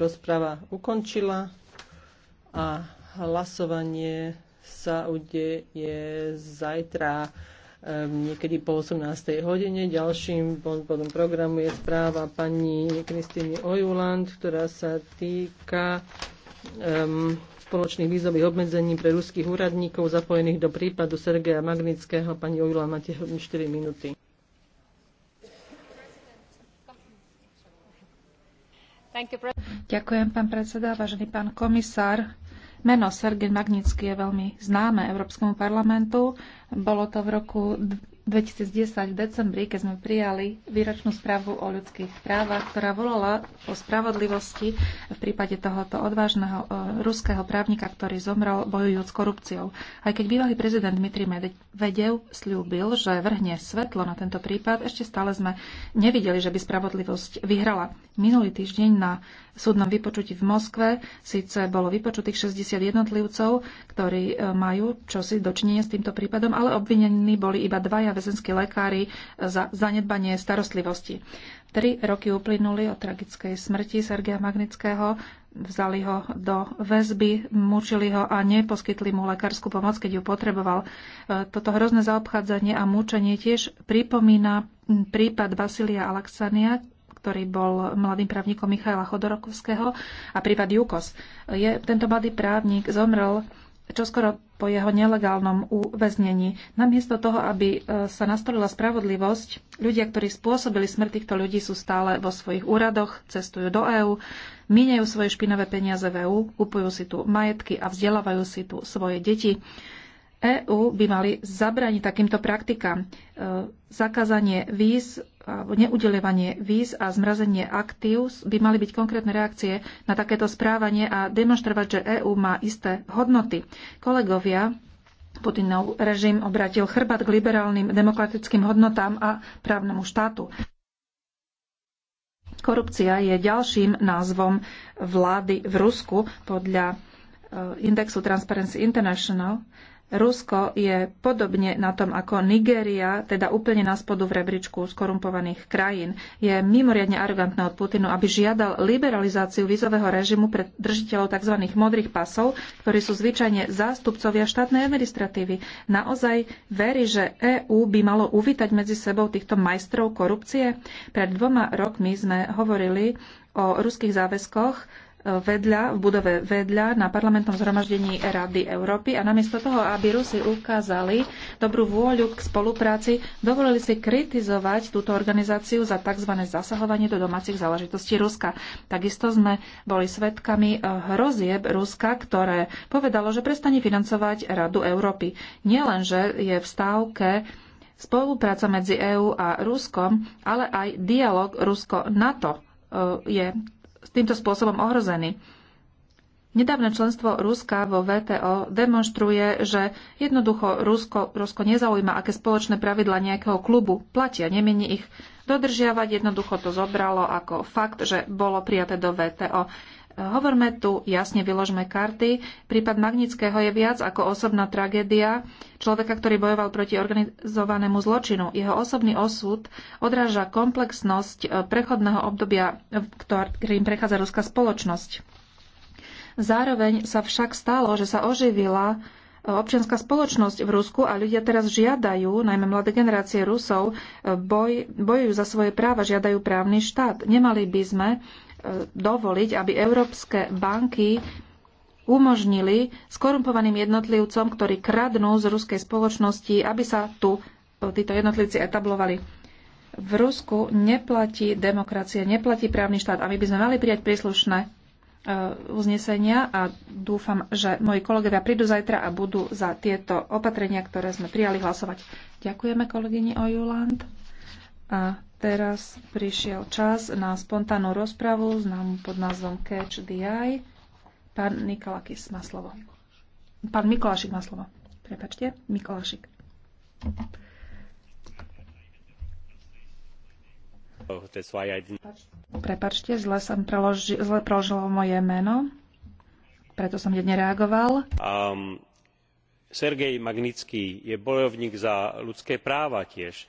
rozprava ukončila a hlasovanie sa udeje zajtra niekedy po 18. hodine. Ďalším bodom programu je správa pani Kristýny Ojuland, ktorá sa týka um, spoločných vízových obmedzení pre ruských úradníkov zapojených do prípadu Sergeja Magnického. Pani Ojuland, máte 4 minúty. Ďakujem, pán predseda, vážený pán komisár. Meno Sergej Magnický je veľmi známe Európskemu parlamentu. Bolo to v roku 2010 v decembri, keď sme prijali výročnú správu o ľudských právach, ktorá volala o spravodlivosti v prípade tohoto odvážneho e, ruského právnika, ktorý zomrel bojujúc s korupciou. Aj keď bývalý prezident Dmitri Medvedev slúbil, že vrhne svetlo na tento prípad, ešte stále sme nevideli, že by spravodlivosť vyhrala. Minulý týždeň na súdnom vypočutí v Moskve síce bolo vypočutých 60 jednotlivcov, ktorí e, majú čosi dočinenie s týmto prípadom, ale obvinení boli iba dvaja väzenskí lekári e, za zanedbanie starostlivosti. Tri roky uplynuli od tragickej smrti Sergeja Magnického, vzali ho do väzby, mučili ho a neposkytli mu lekárskú pomoc, keď ju potreboval. E, toto hrozné zaobchádzanie a mučenie tiež pripomína prípad Vasilia Alaksania, ktorý bol mladým právnikom Michaela Chodorokovského a prípad Jukos. Je, tento mladý právnik zomrel čoskoro po jeho nelegálnom uväznení. Namiesto toho, aby e, sa nastolila spravodlivosť, ľudia, ktorí spôsobili smrť týchto ľudí, sú stále vo svojich úradoch, cestujú do EÚ, míňajú svoje špinové peniaze v EÚ, kupujú si tu majetky a vzdelávajú si tu svoje deti. EÚ by mali zabrániť takýmto praktikám. E, zakázanie víz, neudelevanie víz a zmrazenie aktív by mali byť konkrétne reakcie na takéto správanie a demonstrovať, že EÚ má isté hodnoty. Kolegovia, Putinov režim obratil chrbát k liberálnym demokratickým hodnotám a právnemu štátu. Korupcia je ďalším názvom vlády v Rusku podľa e, indexu Transparency International Rusko je podobne na tom ako Nigéria, teda úplne na spodu v rebríčku skorumpovaných krajín. Je mimoriadne arrogantné od Putinu, aby žiadal liberalizáciu vízového režimu pre držiteľov tzv. modrých pasov, ktorí sú zvyčajne zástupcovia štátnej administratívy. Naozaj verí, že EÚ by malo uvítať medzi sebou týchto majstrov korupcie? Pred dvoma rokmi sme hovorili o ruských záväzkoch vedľa, v budove vedľa na parlamentnom zhromaždení Rady Európy a namiesto toho, aby Rusi ukázali dobrú vôľu k spolupráci, dovolili si kritizovať túto organizáciu za tzv. zasahovanie do domácich záležitostí Ruska. Takisto sme boli svetkami eh, hrozieb Ruska, ktoré povedalo, že prestane financovať Radu Európy. Nielenže je v stávke spolupráca medzi EÚ a Ruskom, ale aj dialog Rusko-NATO eh, je týmto spôsobom ohrození. Nedávne členstvo Ruska vo VTO demonstruje, že jednoducho Rusko, Rusko nezaujíma, aké spoločné pravidla nejakého klubu platia, nemení ich dodržiavať. Jednoducho to zobralo ako fakt, že bolo prijaté do VTO. Hovorme tu, jasne vyložme karty. Prípad Magnického je viac ako osobná tragédia človeka, ktorý bojoval proti organizovanému zločinu. Jeho osobný osud odráža komplexnosť eh, prechodného obdobia, ktorým prechádza ruská spoločnosť. Zároveň sa však stalo, že sa oživila eh, občianská spoločnosť v Rusku a ľudia teraz žiadajú, najmä mladé generácie Rusov, eh, boj, bojujú za svoje práva, žiadajú právny štát. Nemali by sme dovoliť, aby európske banky umožnili skorumpovaným jednotlivcom, ktorí kradnú z ruskej spoločnosti, aby sa tu títo jednotlivci etablovali. V Rusku neplatí demokracia, neplatí právny štát a my by sme mali prijať príslušné e, uznesenia a dúfam, že moji kolegovia prídu zajtra a budú za tieto opatrenia, ktoré sme prijali, hlasovať. Ďakujeme kolegyni Ojuland. A Teraz prišiel čas na spontánnu rozpravu s nám pod názvom Catch the Eye. Pán Nikolakis má slovo. Pán Mikolášik má slovo. Prepačte, Mikolášik. Prepačte, zle, som preloži, zle preložilo moje meno, preto som jedne reagoval. Um, Sergej Magnický je bojovník za ľudské práva tiež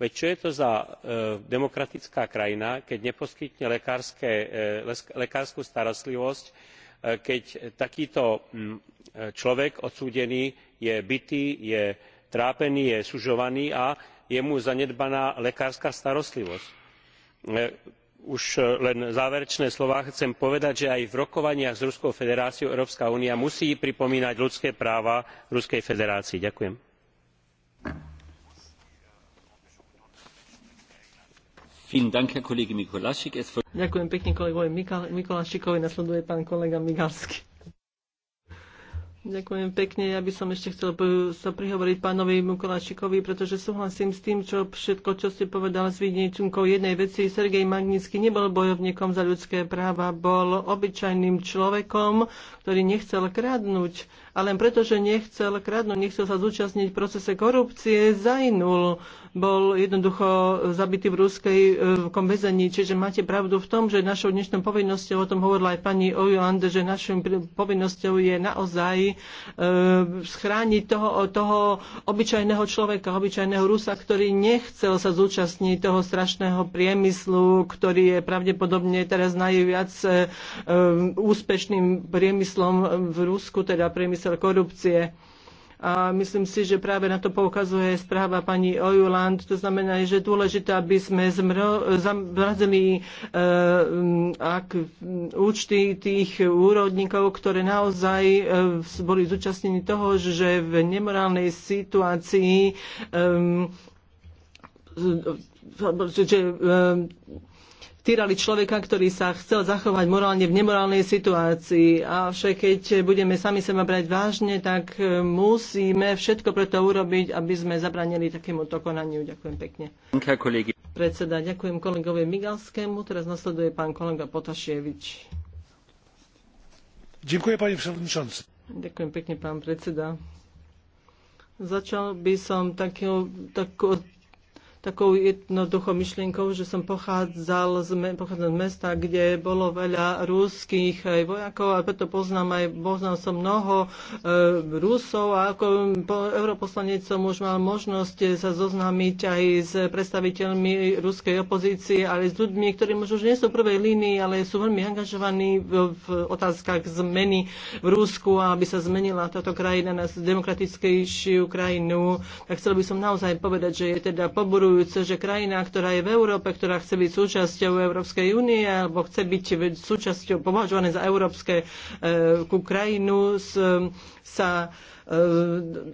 veď čo je to za e, demokratická krajina keď neposkytne lekársku e, starostlivosť e, keď takýto mm, človek odsúdený je bitý je trápený je sužovaný a je mu zanedbaná lekárska starostlivosť. už len záverečné slová chcem povedať že aj v rokovaniach s ruskou federáciou európska únia musí pripomínať ľudské práva ruskej federácii. ďakujem. Ďakujem pekne kolegovi Mikolášikovi, nasleduje pán kolega Migalsky. Ďakujem pekne. Ja by som ešte chcel sa prihovoriť pánovi Mikolášikovi, pretože súhlasím s tým, čo všetko, čo ste povedal s výnečunkou jednej veci. Sergej Magnický nebol bojovníkom za ľudské práva, bol obyčajným človekom, ktorý nechcel kradnúť. A len preto, že nechcel kradnúť, nechcel sa zúčastniť v procese korupcie, zajnul bol jednoducho zabitý v ruskej e, väzení. Čiže máte pravdu v tom, že našou dnešnou povinnosťou, o tom hovorila aj pani Ojuland, že našou povinnosťou je naozaj e, schrániť toho, toho obyčajného človeka, obyčajného Rusa, ktorý nechcel sa zúčastniť toho strašného priemyslu, ktorý je pravdepodobne teraz najviac e, úspešným priemyslom v Rusku, teda priemysel korupcie a myslím si, že práve na to poukazuje správa pani Ojuland. To znamená, že je dôležité, aby sme zamrazili uh, účty tých úrodníkov, ktoré naozaj uh, boli zúčastnení toho, že v nemorálnej situácii um, že, že týrali človeka, ktorý sa chcel zachovať morálne v nemorálnej situácii. Avšak keď budeme sami seba brať vážne, tak e, musíme všetko preto urobiť, aby sme zabranili takémuto konaniu. Ďakujem pekne. Predseda, ďakujem kolegovi Migalskému. Teraz nasleduje pán kolega Potašievič. Ďakujem, pani przewodniczący. Ďakujem pekne, pán predseda. Začal by som takého, tako, takou jednoduchou myšlienkou, že som pochádzal z, pochádzal z mesta, kde bolo veľa rúských aj vojakov a preto poznám aj, poznal som mnoho e, Rusov a ako po, europoslanec som už mal možnosť sa zoznámiť aj s predstaviteľmi ruskej opozície, ale s ľuďmi, ktorí možno už nie sú v prvej línii, ale sú veľmi angažovaní v, v otázkach zmeny v Rusku aby sa zmenila táto krajina na demokratickejšiu krajinu. Tak chcel by som naozaj povedať, že je teda poboru šokujúce, že krajina, ktorá je v Európe, ktorá chce byť súčasťou Európskej únie alebo chce byť súčasťou považované za európske e, ku krajinu, e, sa e,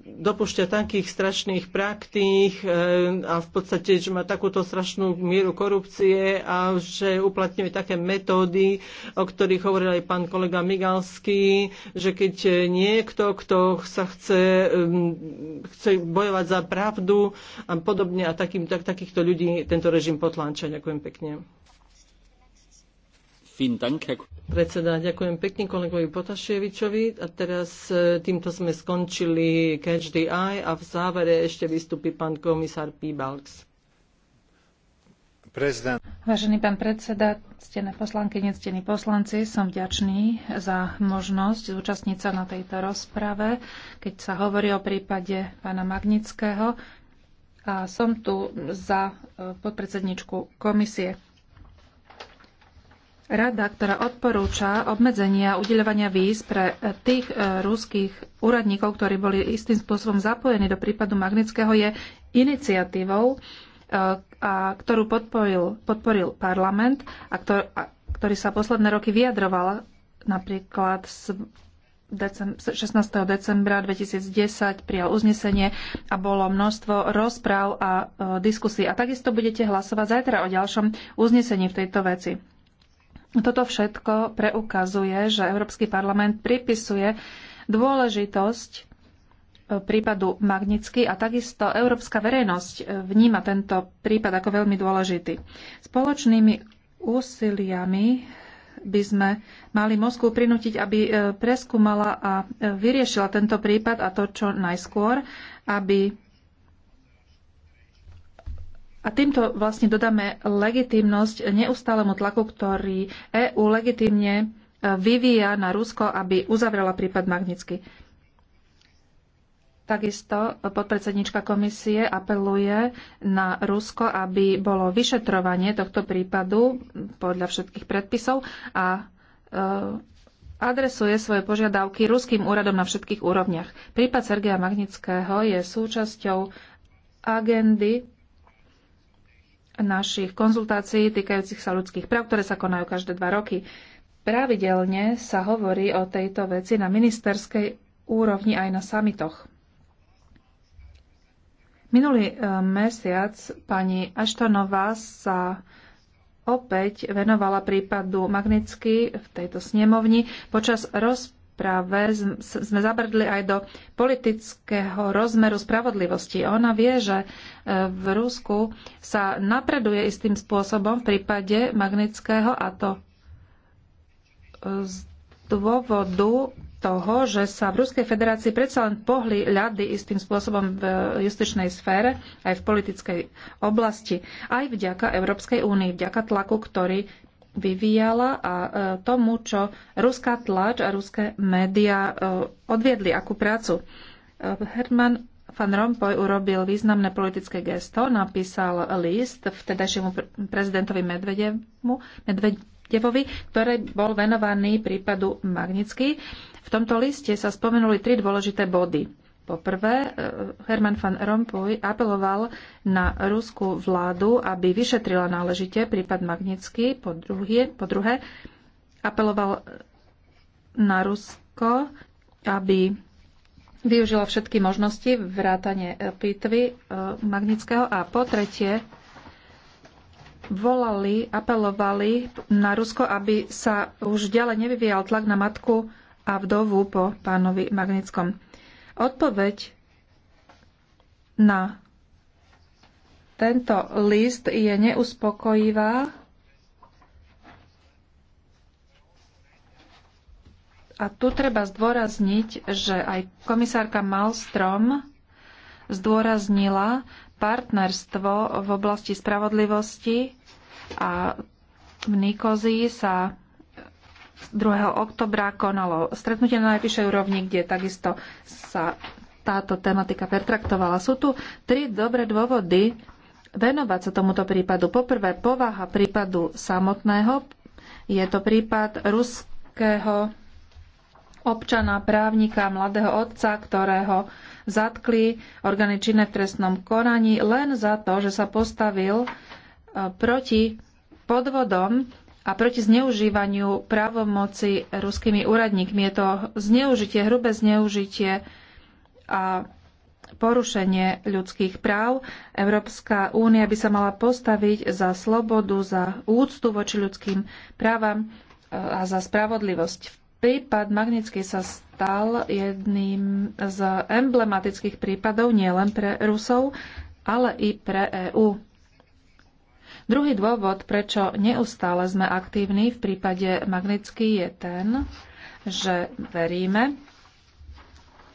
dopušťa takých strašných praktík a v podstate, že má takúto strašnú mieru korupcie a že uplatňuje také metódy, o ktorých hovoril aj pán kolega Migalský, že keď niekto, kto sa chce, chce bojovať za pravdu a podobne a takým tak, takýchto ľudí tento režim potláča. Ďakujem pekne. Predseda, ďakujem pekne kolegovi Potaševičovi. A teraz e, týmto sme skončili Catch the Eye a v závere ešte vystúpi pán komisár Balks. Prezident. Vážený pán predseda, ctené poslanky, nectení poslanci, som vďačný za možnosť zúčastniť sa na tejto rozprave, keď sa hovorí o prípade pána Magnického a som tu za e, podpredsedničku komisie. Rada, ktorá odporúča obmedzenia udeľovania víz pre e, tých e, ruských úradníkov, ktorí boli istým spôsobom zapojení do prípadu Magnického, je iniciatívou, a ktorú podporil, podporil parlament a, ktor, a ktorý sa posledné roky vyjadroval napríklad s 16. decembra 2010 prijal uznesenie a bolo množstvo rozpráv a e, diskusí. A takisto budete hlasovať zajtra o ďalšom uznesení v tejto veci. Toto všetko preukazuje, že Európsky parlament pripisuje dôležitosť e, prípadu Magnický a takisto európska verejnosť e, vníma tento prípad ako veľmi dôležitý. Spoločnými úsiliami by sme mali Moskvu prinútiť, aby e, preskúmala a e, vyriešila tento prípad a to čo najskôr, aby a týmto vlastne dodáme legitimnosť neustálemu tlaku, ktorý EÚ legitimne e, vyvíja na Rusko, aby uzavrela prípad Magnitsky. Takisto podpredsednička komisie apeluje na Rusko, aby bolo vyšetrovanie tohto prípadu podľa všetkých predpisov a e, adresuje svoje požiadavky ruským úradom na všetkých úrovniach. Prípad Sergeja Magnického je súčasťou agendy našich konzultácií týkajúcich sa ľudských práv, ktoré sa konajú každé dva roky. Pravidelne sa hovorí o tejto veci na ministerskej úrovni aj na samitoch. Minulý e, mesiac pani Aštanová sa opäť venovala prípadu Magnitsky v tejto snemovni. Počas rozprave sme zabrdli aj do politického rozmeru spravodlivosti. Ona vie, že e, v Rusku sa napreduje istým spôsobom v prípade Magnitského a to z dôvodu toho, že sa v Ruskej federácii predsa len pohli ľady istým spôsobom v justičnej sfére, aj v politickej oblasti, aj vďaka Európskej únii, vďaka tlaku, ktorý vyvíjala a e, tomu, čo ruská tlač a ruské médiá e, odviedli, akú prácu. E, Herman Van Rompuy urobil významné politické gesto, napísal list vtedajšiemu prezidentovi Medvedevovi, ktorý bol venovaný prípadu Magnický v tomto liste sa spomenuli tri dôležité body. Po prvé, e, Herman van Rompuy apeloval na ruskú vládu, aby vyšetrila náležite prípad Magnitsky. Po druhé, po druhé apeloval na Rusko, aby využila všetky možnosti vrátane e, pitvy e, Magnického a po tretie volali, apelovali na Rusko, aby sa už ďalej nevyvíjal tlak na matku a vdovu po pánovi Magnickom. Odpoveď na tento list je neuspokojivá a tu treba zdôrazniť, že aj komisárka Malstrom zdôraznila partnerstvo v oblasti spravodlivosti a v Nikozii sa 2. oktobra konalo stretnutie na najvyššej úrovni, kde takisto sa táto tematika pertraktovala. Sú tu tri dobré dôvody venovať sa tomuto prípadu. Poprvé, povaha prípadu samotného. Je to prípad ruského občana, právnika, mladého otca, ktorého zatkli orgány činné v trestnom konaní len za to, že sa postavil eh, proti podvodom a proti zneužívaniu právomoci ruskými úradníkmi. Je to zneužitie, hrubé zneužitie a porušenie ľudských práv. Európska únia by sa mala postaviť za slobodu, za úctu voči ľudským právam e, a za spravodlivosť. Prípad Magnický sa stal jedným z emblematických prípadov nielen pre Rusov, ale i pre EÚ. Druhý dôvod, prečo neustále sme aktívni v prípade magnetický, je ten, že veríme,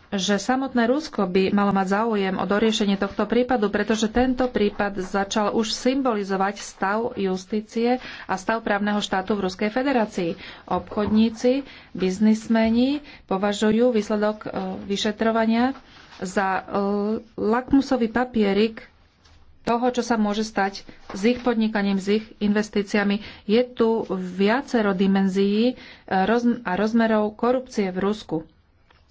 že samotné Rusko by malo mať záujem o doriešenie tohto prípadu, pretože tento prípad začal už symbolizovať stav justície a stav právneho štátu v Ruskej federácii. Obchodníci, biznismeni považujú výsledok e, vyšetrovania za e, lakmusový papierik toho, čo sa môže stať s ich podnikaním, s ich investíciami. Je tu viacero dimenzií e, a rozmerov korupcie v Rusku.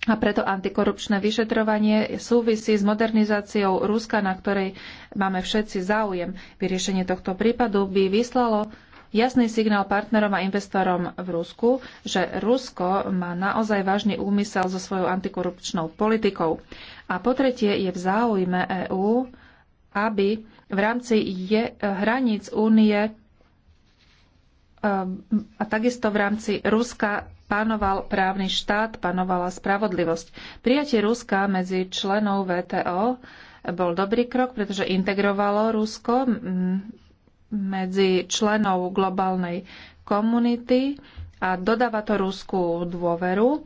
A preto antikorupčné vyšetrovanie súvisí s modernizáciou Ruska, na ktorej máme všetci záujem. Vyriešenie tohto prípadu by vyslalo jasný signál partnerom a investorom v Rusku, že Rusko má naozaj vážny úmysel so svojou antikorupčnou politikou. A po tretie je v záujme EÚ, aby v rámci je, eh, hraníc únie eh, a takisto v rámci Ruska panoval právny štát, panovala spravodlivosť. Prijatie Ruska medzi členov VTO bol dobrý krok, pretože integrovalo Rusko medzi členov globálnej komunity a dodáva to Rusku dôveru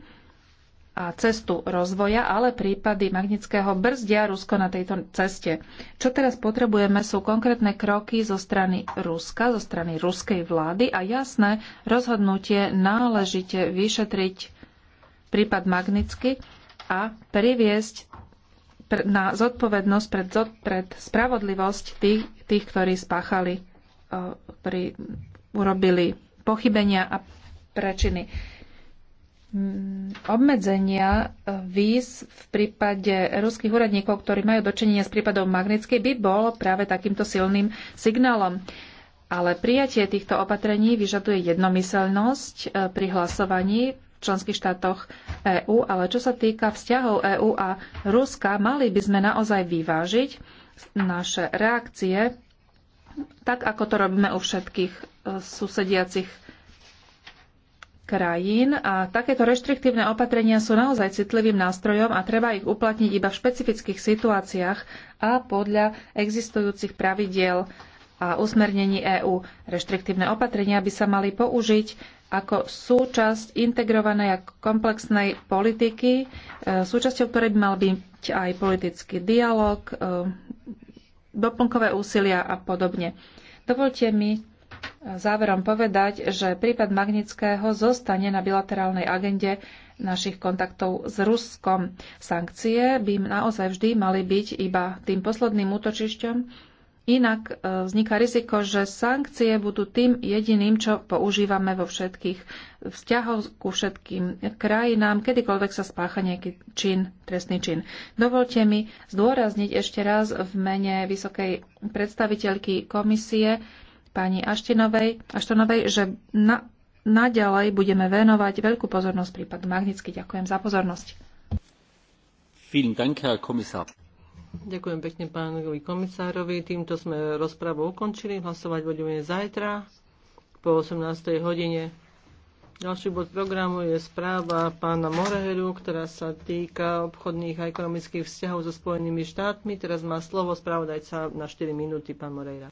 a cestu rozvoja, ale prípady magnického brzdia Rusko na tejto ceste. Čo teraz potrebujeme sú konkrétne kroky zo strany Ruska, zo strany ruskej vlády a jasné rozhodnutie náležite vyšetriť prípad Magnicky a priviesť na zodpovednosť pred, pred spravodlivosť tých, tých ktorí spáchali, eh, ktorí urobili pochybenia a prečiny. Mm, obmedzenia e, víz v prípade ruských úradníkov, ktorí majú dočinenia s prípadom Magnitsky, by bol práve takýmto silným signálom. Ale prijatie týchto opatrení vyžaduje jednomyselnosť e, pri hlasovaní v členských štátoch EÚ, ale čo sa týka vzťahov EÚ a Ruska, mali by sme naozaj vyvážiť naše reakcie, tak ako to robíme u všetkých e, susediacich krajín a takéto reštriktívne opatrenia sú naozaj citlivým nástrojom a treba ich uplatniť iba v špecifických situáciách a podľa existujúcich pravidiel a usmernení EÚ. Reštriktívne opatrenia by sa mali použiť ako súčasť integrovanej a komplexnej politiky, e, súčasťou ktorej by mal byť aj politický dialog, e, doplnkové úsilia a podobne. Dovolte mi záverom povedať, že prípad Magnického zostane na bilaterálnej agende našich kontaktov s Ruskom. Sankcie by naozaj vždy mali byť iba tým posledným útočišťom. Inak e, vzniká riziko, že sankcie budú tým jediným, čo používame vo všetkých vzťahoch ku všetkým krajinám, kedykoľvek sa spácha nejaký čin, trestný čin. Dovolte mi zdôrazniť ešte raz v mene vysokej predstaviteľky komisie, pani Aštinovej, Aštinovej že na, naďalej budeme venovať veľkú pozornosť prípadu Magnicky. Ďakujem za pozornosť. Ďakujem pekne pánovi komisárovi. Týmto sme rozpravu ukončili. Hlasovať budeme zajtra po 18. hodine. Ďalší bod programu je správa pána Moreheru, ktorá sa týka obchodných a ekonomických vzťahov so Spojenými štátmi. Teraz má slovo správodajca na 4 minúty, pán Moreira.